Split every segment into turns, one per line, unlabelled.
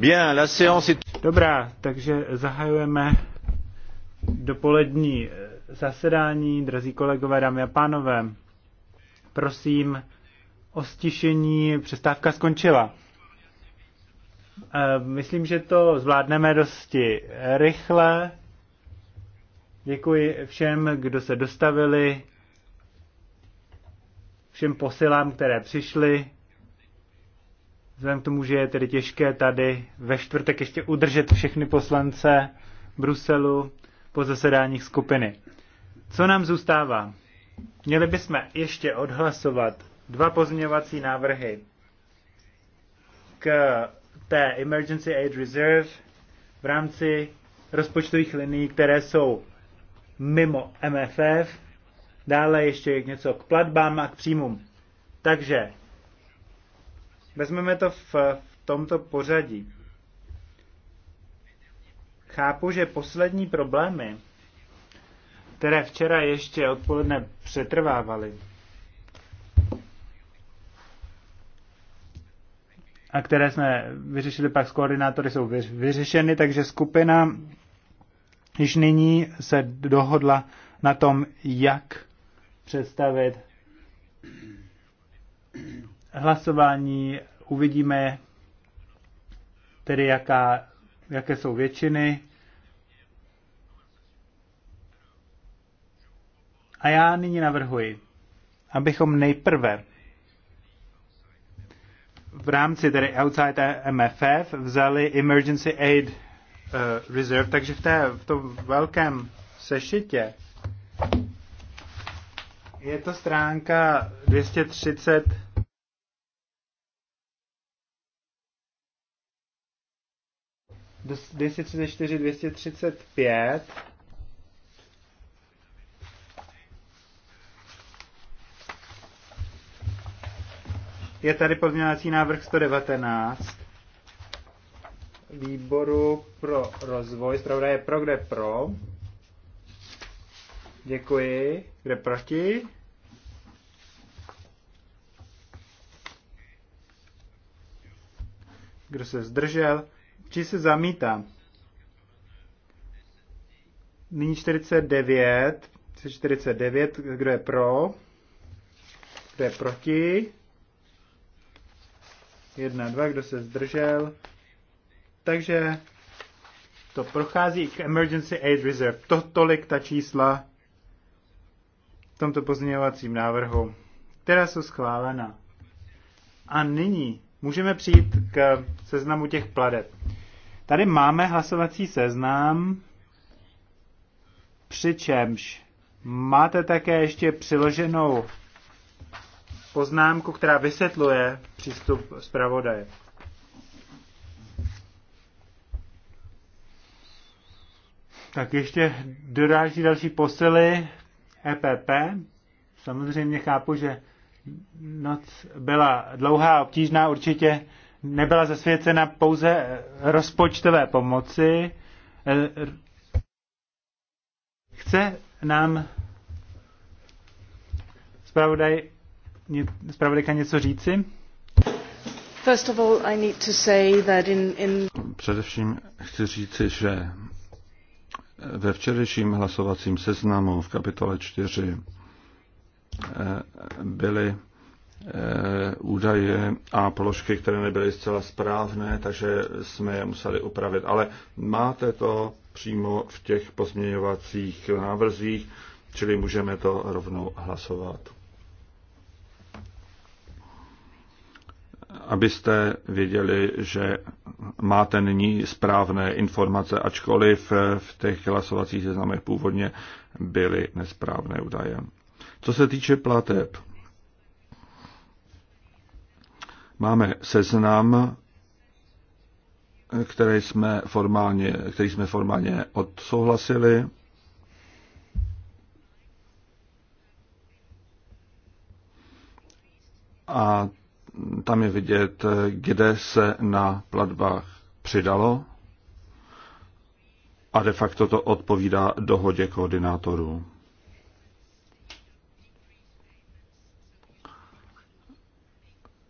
Bien, la séance est... Dobrá, takže zahajujeme dopolední eh, zasedání, drazí kolegové, dámy a pánové. Prosím o stišení, přestávka skončila. Eh, myslím, že to zvládneme dosti rychle. Děkuji všem, kdo se dostavili, všem posilám, které přišly. Vzhledem k tomu, že je tedy těžké tady ve čtvrtek ještě udržet všechny poslance Bruselu po zasedáních skupiny. Co nám zůstává? Měli bychom ještě odhlasovat dva pozměňovací návrhy k té Emergency Aid Reserve v rámci rozpočtových linií, které jsou mimo MFF. Dále ještě něco k platbám a k příjmům. Takže Vezmeme to v, v tomto pořadí. Chápu, že poslední problémy, které včera ještě odpoledne přetrvávaly, a které jsme vyřešili pak s koordinátory, jsou vyřešeny, takže skupina již nyní se dohodla na tom, jak představit hlasování uvidíme tedy, jaká, jaké jsou většiny. A já nyní navrhuji, abychom nejprve v rámci tedy outside MFF vzali Emergency Aid uh, Reserve, takže v, té, v tom velkém sešitě je to stránka 230 234, 235. Je tady pozměňovací návrh 119 výboru pro rozvoj. Zpravda je pro, kde pro. Děkuji. Kde proti? Kdo se zdržel? Či se zamítá. Nyní 49. 49. Kdo je pro? Kdo je proti? 1, 2. Kdo se zdržel? Takže to prochází k Emergency Aid Reserve. To tolik ta čísla v tomto pozměňovacím návrhu, která jsou schválena. A nyní můžeme přijít k seznamu těch pladeb. Tady máme hlasovací seznam, přičemž máte také ještě přiloženou poznámku, která vysvětluje přístup zpravodaje. Tak ještě doráží další posily EPP. Samozřejmě chápu, že noc byla dlouhá a obtížná určitě nebyla zasvěcena pouze rozpočtové pomoci. Chce nám zpravodaj, zpravodajka něco říci?
First of all, I need to say that in, in... Především chci říci, že ve včerejším hlasovacím seznamu v kapitole 4 eh, byly Eh, údaje a položky, které nebyly zcela správné, takže jsme je museli upravit. Ale máte to přímo v těch pozměňovacích návrzích, čili můžeme to rovnou hlasovat. Abyste věděli, že máte nyní správné informace, ačkoliv v těch hlasovacích seznamech původně byly nesprávné údaje. Co se týče plateb, Máme seznam, který jsme formálně, který jsme formálně odsouhlasili. A tam je vidět, kde se na platbách přidalo a de facto to odpovídá dohodě koordinátorů.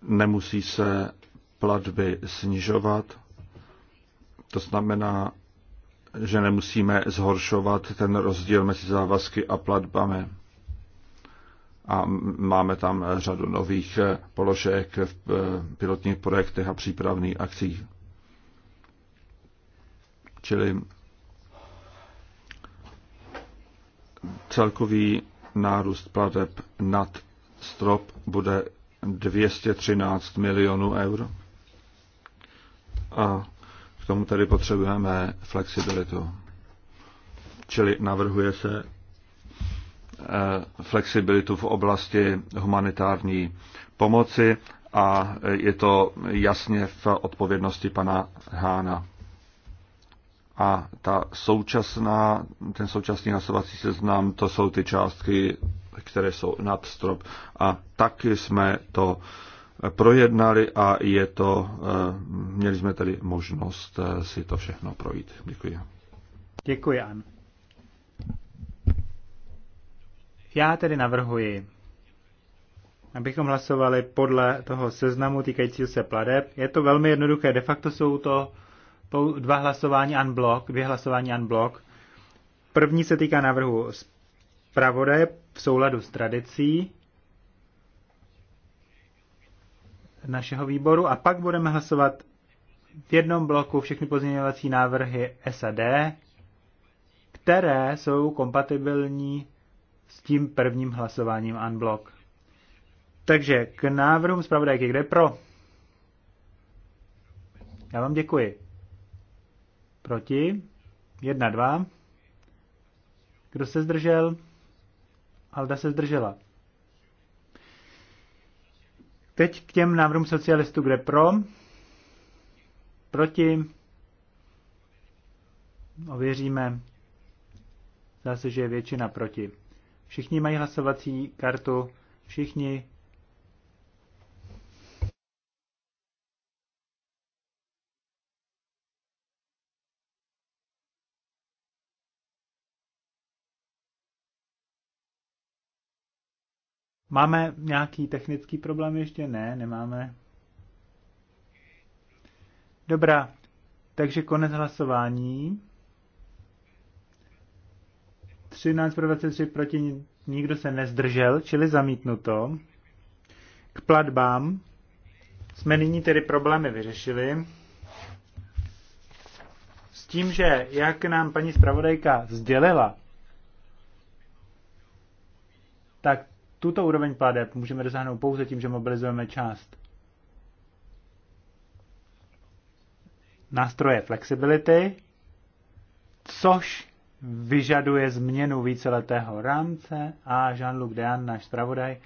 nemusí se platby snižovat. To znamená, že nemusíme zhoršovat ten rozdíl mezi závazky a platbami. A máme tam řadu nových eh, položek v eh, pilotních projektech a přípravných akcích. Čili celkový nárůst plateb nad strop bude 213 milionů eur. A k tomu tedy potřebujeme flexibilitu. Čili navrhuje se eh, flexibilitu v oblasti humanitární pomoci a je to jasně v odpovědnosti pana Hána. A ta současná, ten současný hlasovací seznam, to jsou ty částky které jsou nad strop. A taky jsme to eh, projednali a je to, eh, měli jsme tedy možnost eh, si to všechno projít. Děkuji.
Děkuji, An. Já tedy navrhuji, abychom hlasovali podle toho seznamu týkajícího se pladeb. Je to velmi jednoduché. De facto jsou to dva hlasování unblock, dvě hlasování unblock. První se týká návrhu zpravodaje v souladu s tradicí našeho výboru a pak budeme hlasovat v jednom bloku všechny pozměňovací návrhy SAD, které jsou kompatibilní s tím prvním hlasováním unblock. Takže k návrhům zpravodajky, kde pro? Já vám děkuji. Proti? Jedna, dva. Kdo se zdržel? Alda se zdržela. Teď k těm návrhům socialistů, kde pro, proti, ověříme, zase, že je většina proti. Všichni mají hlasovací kartu, všichni Máme nějaký technický problém ještě? Ne, nemáme. Dobrá, takže konec hlasování. 13 pro 23 proti nikdo se nezdržel, čili zamítnuto. K platbám jsme nyní tedy problémy vyřešili. S tím, že jak nám paní zpravodajka sdělila, tak tuto úroveň pladeb můžeme dosáhnout pouze tím, že mobilizujeme část nástroje flexibility, což vyžaduje změnu víceletého rámce a Jean-Luc Dean, náš zpravodaj,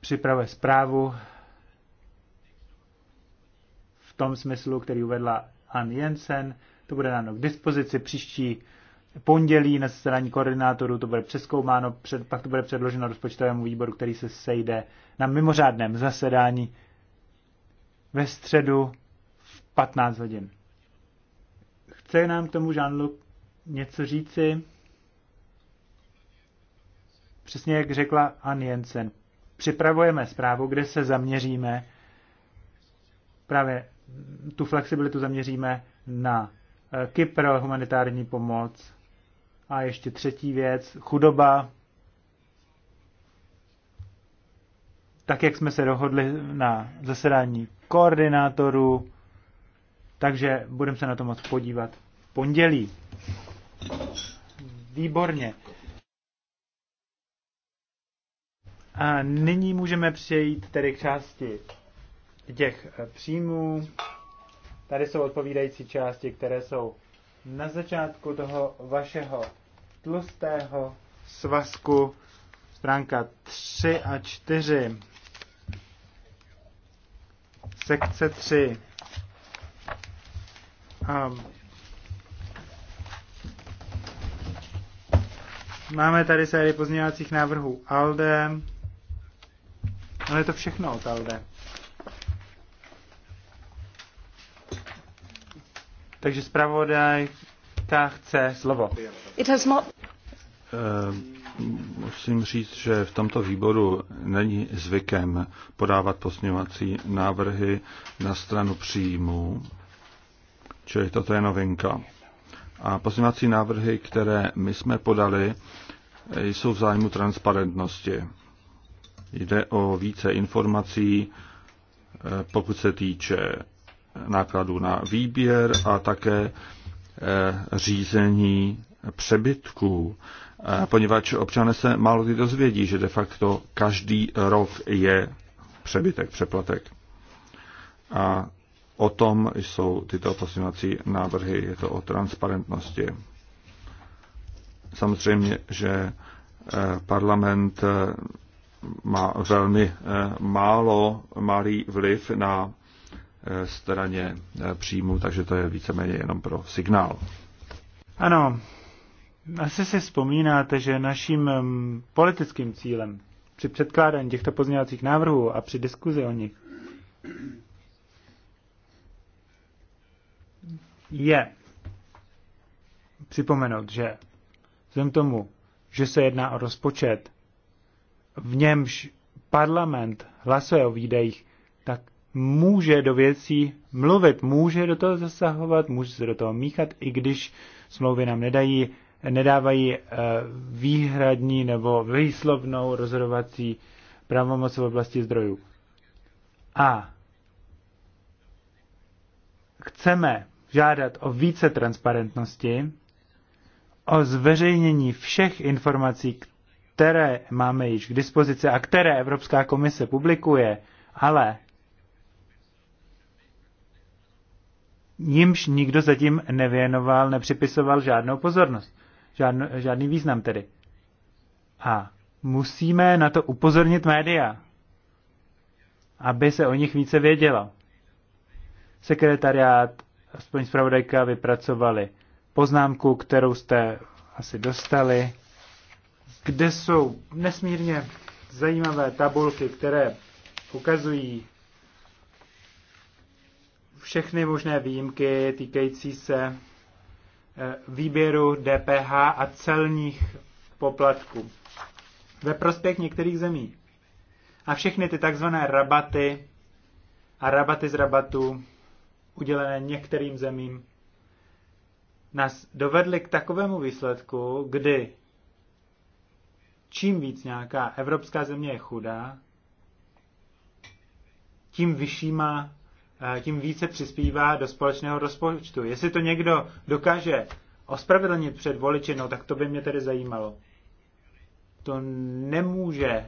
připravuje zprávu v tom smyslu, který uvedla Ann Jensen. To bude dáno k dispozici příští pondělí na zasedání koordinátorů to bude přeskoumáno, před, pak to bude předloženo rozpočtovému výboru, který se sejde na mimořádném zasedání ve středu v 15 hodin. Chce nám k tomu jean něco říci? Přesně jak řekla Ann Jensen, připravujeme zprávu, kde se zaměříme, právě tu flexibilitu zaměříme na eh, Kypr, humanitární pomoc, a ještě třetí věc, chudoba. Tak, jak jsme se dohodli na zasedání koordinátorů, takže budeme se na to moc podívat v pondělí. Výborně. A nyní můžeme přejít tedy k části těch příjmů. Tady jsou odpovídající části, které jsou na začátku toho vašeho tlustého svazku, stránka 3 a 4, sekce 3. A máme tady sérii pozměňovacích návrhů ALDE, ale je to všechno od ALDE. Takže zpravodajka chce slovo.
It has not... Eh, musím říct, že v tomto výboru není zvykem podávat posměvací návrhy na stranu příjmů, čili toto je novinka. A posměvací návrhy, které my jsme podali, eh, jsou v zájmu transparentnosti. Jde o více informací, eh, pokud se týče nákladů na výběr a také eh, řízení přebytků, poněvadž občané se málo kdy dozvědí, že de facto každý rok je přebytek, přeplatek. A o tom jsou tyto posměvací návrhy, je to o transparentnosti. Samozřejmě, že eh, parlament eh, má velmi málo, malý vliv na straně eh, příjmu, takže to je víceméně jenom pro signál.
Ano, asi si vzpomínáte, že naším mm, politickým cílem při předkládání těchto pozměňovacích návrhů a při diskuzi o nich je připomenout, že vzhledem tomu, že se jedná o rozpočet, v němž parlament hlasuje o výdejích, tak může do věcí mluvit, může do toho zasahovat, může se do toho míchat, i když smlouvy nám nedají, nedávají eh, výhradní nebo výslovnou rozhodovací pravomoc v oblasti zdrojů. A chceme žádat o více transparentnosti, o zveřejnění všech informací, které máme již k dispozici a které Evropská komise publikuje, ale nímž nikdo zatím nevěnoval, nepřipisoval žádnou pozornost, žádný, žádný význam tedy. A musíme na to upozornit média, aby se o nich více vědělo. Sekretariát, aspoň zpravodajka, vypracovali poznámku, kterou jste asi dostali, kde jsou nesmírně zajímavé tabulky, které ukazují všechny možné výjimky týkající se eh, výběru DPH a celních poplatků ve prospěch některých zemí. A všechny ty takzvané rabaty a rabaty z rabatů udělené některým zemím nás dovedly k takovému výsledku, kdy čím víc nějaká evropská země je chudá, tím vyšší má tím více přispívá do společného rozpočtu. Jestli to někdo dokáže ospravedlnit před voličinou, tak to by mě tedy zajímalo. To nemůže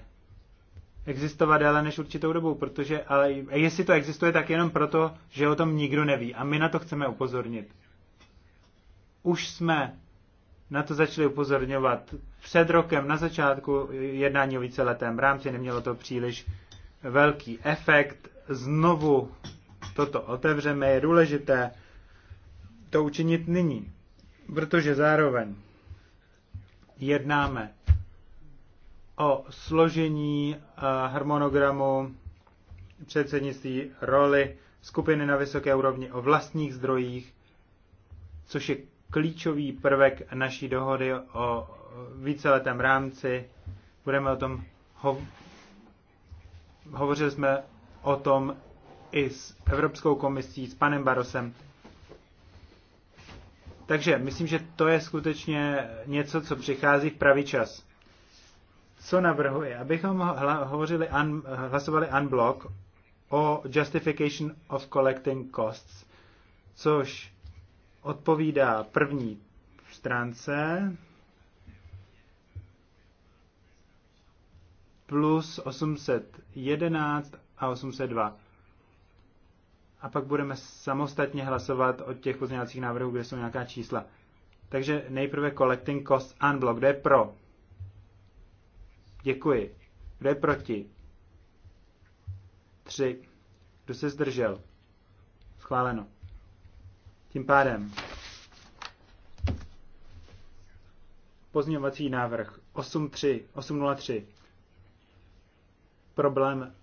existovat déle než určitou dobu, protože, ale jestli to existuje, tak jenom proto, že o tom nikdo neví. A my na to chceme upozornit. Už jsme na to začali upozorňovat před rokem na začátku jednání o víceletém rámci, nemělo to příliš velký efekt. Znovu toto otevřeme, je důležité to učinit nyní, protože zároveň jednáme o složení eh, harmonogramu předsednictví roli skupiny na vysoké úrovni o vlastních zdrojích, což je klíčový prvek naší dohody o víceletém rámci. Budeme o tom ho- hovořili jsme o tom i s Evropskou komisí, s panem Barosem. Takže myslím, že to je skutečně něco, co přichází v pravý čas. Co navrhuji? Abychom hovořili un, hlasovali unblock o justification of collecting costs, což odpovídá první stránce plus 811 a 802 a pak budeme samostatně hlasovat o těch pozměňovacích návrhů, kde jsou nějaká čísla. Takže nejprve collecting cost unblock. Kdo je pro? Děkuji. Kdo je proti? Tři. Kdo se zdržel? Schváleno. Tím pádem pozměňovací návrh 8.3, 8.03. Problém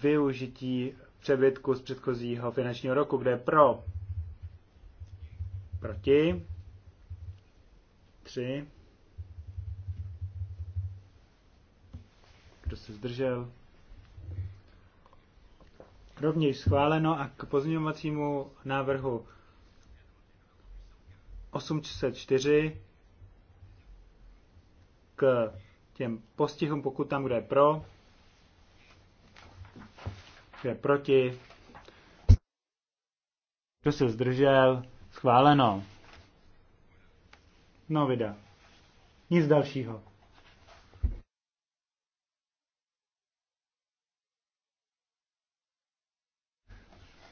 využití přebytku z předchozího finančního roku. Kde je pro? Proti? tři, Kdo se zdržel? Rovněž schváleno a k pozměňovacímu návrhu 804 k těm postihům, pokud tam, kde je pro, kdo je proti? Kdo se zdržel? Schváleno. No vida. Nic dalšího.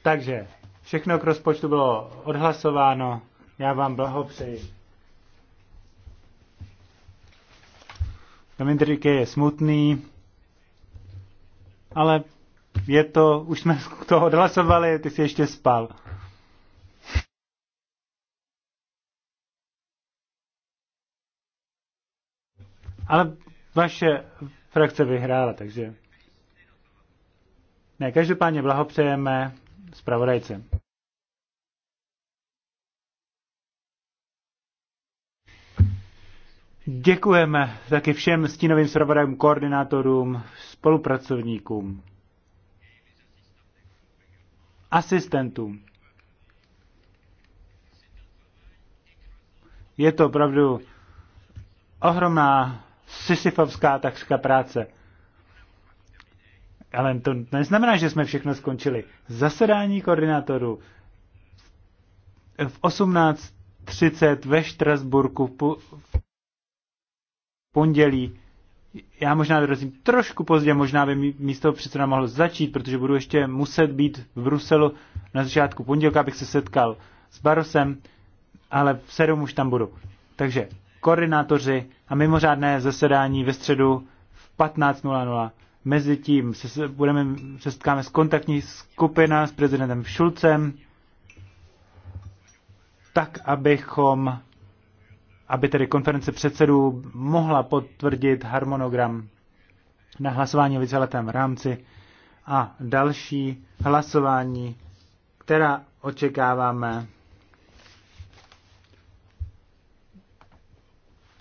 Takže všechno k rozpočtu bylo odhlasováno. Já vám blahopřeji. Dominik je smutný, ale je to, už jsme to odhlasovali, ty jsi ještě spal. Ale vaše frakce vyhrála, takže... Ne, každopádně blahopřejeme zpravodajce. Děkujeme taky všem stínovým zpravodajům, koordinátorům, spolupracovníkům asistentům. Je to opravdu ohromná sisyfovská takřka práce. Ale to neznamená, že jsme všechno skončili. Zasedání koordinátorů v 18.30 ve Štrasburku v pondělí já možná dorazím trošku pozdě, možná by místo předseda mohl začít, protože budu ještě muset být v Bruselu na začátku pondělka, abych se setkal s Barosem, ale v sedm už tam budu. Takže koordinátoři a mimořádné zasedání ve středu v 15.00. Mezitím se, budeme, se setkáme s kontaktní skupina s prezidentem Šulcem, tak abychom aby tedy konference předsedů mohla potvrdit harmonogram na hlasování o víceletém rámci a další hlasování, která očekáváme.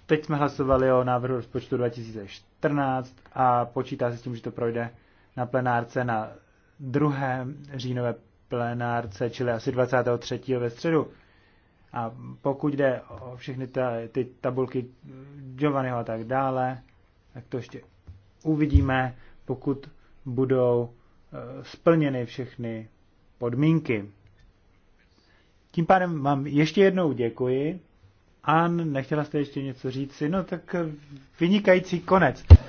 Teď jsme hlasovali o návrhu rozpočtu 2014 a počítá se s tím, že to projde na plenárce na druhé říjnové plenárce, čili asi 23. ve středu. A pokud jde o všechny ta, ty tabulky Giovanniho a tak dále, tak to ještě uvidíme, pokud budou e, splněny všechny podmínky. Tím pádem vám ještě jednou děkuji. An, nechtěla jste ještě něco říct? No tak vynikající konec.